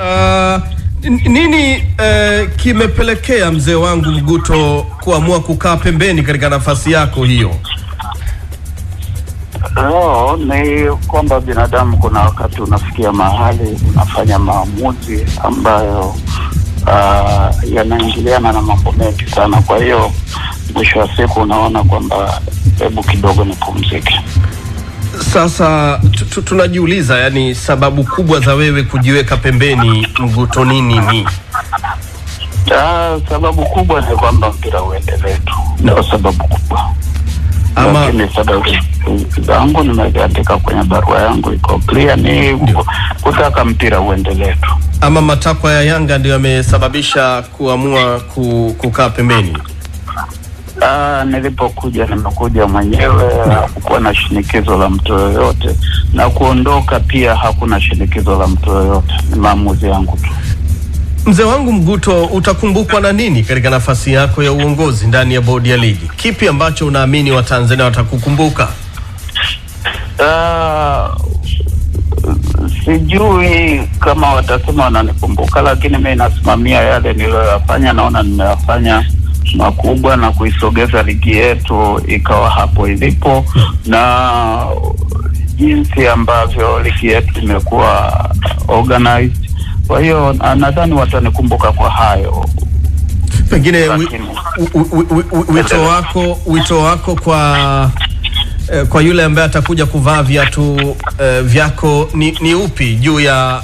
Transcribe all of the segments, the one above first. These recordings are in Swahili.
Uh, nini uh, kimepelekea mzee wangu Mguto kuamua kukaa pembeni katika nafasi yako hiyo? No, ni kwamba binadamu kuna wakati unafikia mahali unafanya maamuzi ambayo uh, yanaingiliana na mambo mengi sana. Kwa hiyo mwisho wa siku unaona kwamba hebu kidogo nipumzike. Sasa tunajiuliza, yani sababu kubwa za wewe kujiweka pembeni mvuto nini ni? Ah, sababu kubwa ni kwamba mpira uendelee tu, ndio sababu kubwa. Ama sababu zangu nimeandika kwenye barua yangu iko clear, ni kutaka mpira uendelee tu. Ama matakwa ya Yanga ndio yamesababisha kuamua kukaa pembeni nilipokuja nimekuja mwenyewe, hakukuwa na shinikizo la mtu yoyote, na kuondoka pia hakuna shinikizo la mtu yoyote, ni maamuzi yangu tu. Mzee wangu Mguto, utakumbukwa na nini katika nafasi yako ya uongozi ndani ya bodi ya ligi? Kipi ambacho unaamini Watanzania watakukumbuka? Uh, sijui kama watasema wananikumbuka, lakini mi nasimamia yale niliyoyafanya, naona nimeyafanya makubwa na kuisogeza ligi yetu ikawa hapo ilipo na jinsi ambavyo ligi yetu imekuwa organized. Kwa hiyo nadhani watanikumbuka kwa hayo. Pengine wito wako wito wako kwa eh, kwa yule ambaye atakuja kuvaa viatu eh, vyako ni, ni upi juu ya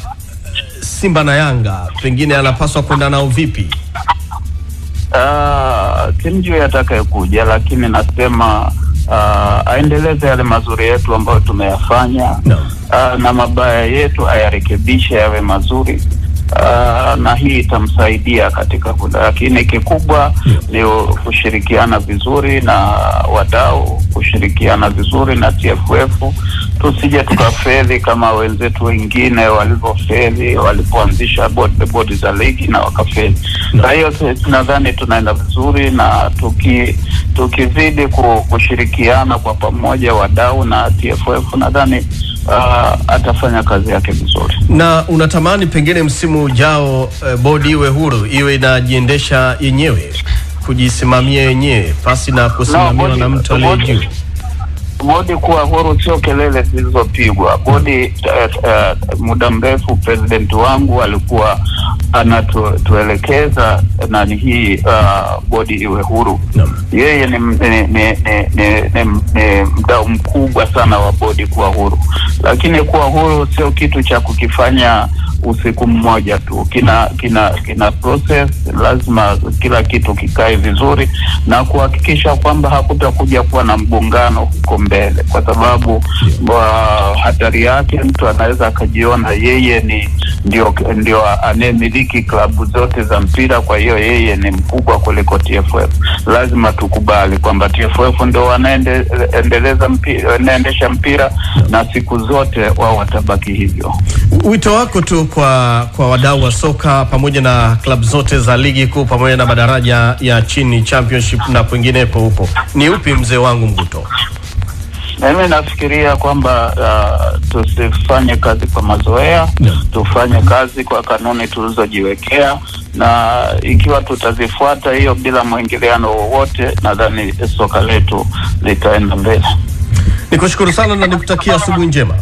Simba na Yanga, pengine anapaswa kwenda nao vipi? Uh, ah, timjuu atakayokuja, lakini nasema uh, aendeleze yale mazuri yetu ambayo tumeyafanya no. uh, na mabaya yetu ayarekebishe yawe mazuri uh, na hii itamsaidia katika, lakini kikubwa ni kushirikiana vizuri na wadau kushirikiana vizuri na TFF, tusije tukafedhi kama wenzetu wengine walivyofedhi walipoanzisha bodi bodi za ligi na wakafedhi. Kwa hiyo nadhani tunaenda vizuri, na tuki tukizidi kushirikiana kwa pamoja wadau na TFF, nadhani Uh, atafanya kazi yake vizuri. Na unatamani pengine msimu ujao, uh, bodi iwe huru, iwe inajiendesha yenyewe? kujisimamia yenyewe pasi na kusimamiwa no, na mtu aliye juu. Bodi kuwa huru sio kelele zilizopigwa bodi. Uh, muda mrefu president wangu alikuwa anatuelekeza nani hii uh, bodi iwe huru no. Yeye ni, ni, ni, ni, ni, ni mkubwa sana wa bodi kuwa huru, lakini kuwa huru sio kitu cha kukifanya usiku mmoja tu, kina kina kina process. Lazima kila kitu kikae vizuri na kuhakikisha kwamba hakutakuja kuwa na mgongano huko mbele, kwa sababu yeah. hatari yake mtu anaweza akajiona yeye ni ndio, ndio anayemiliki klabu zote za mpira, kwa hiyo yeye ni mkubwa kuliko TFF. Lazima tukubali kwamba TFF ndio wanaendeleza mpira, wanaendesha mpira na siku zote wao watabaki hivyo. Wito wako tu kwa, kwa wadau wa soka pamoja na klabu zote za ligi kuu pamoja na madaraja ya chini championship na penginepo huko ni upi, mzee wangu Mguto? Mimi nafikiria kwamba uh, tusifanye kazi kwa mazoea yeah. Tufanye kazi kwa kanuni tulizojiwekea, na ikiwa tutazifuata hiyo bila mwingiliano wowote, nadhani soka letu litaenda mbele. Nikushukuru sana na nikutakia asubuhi njema.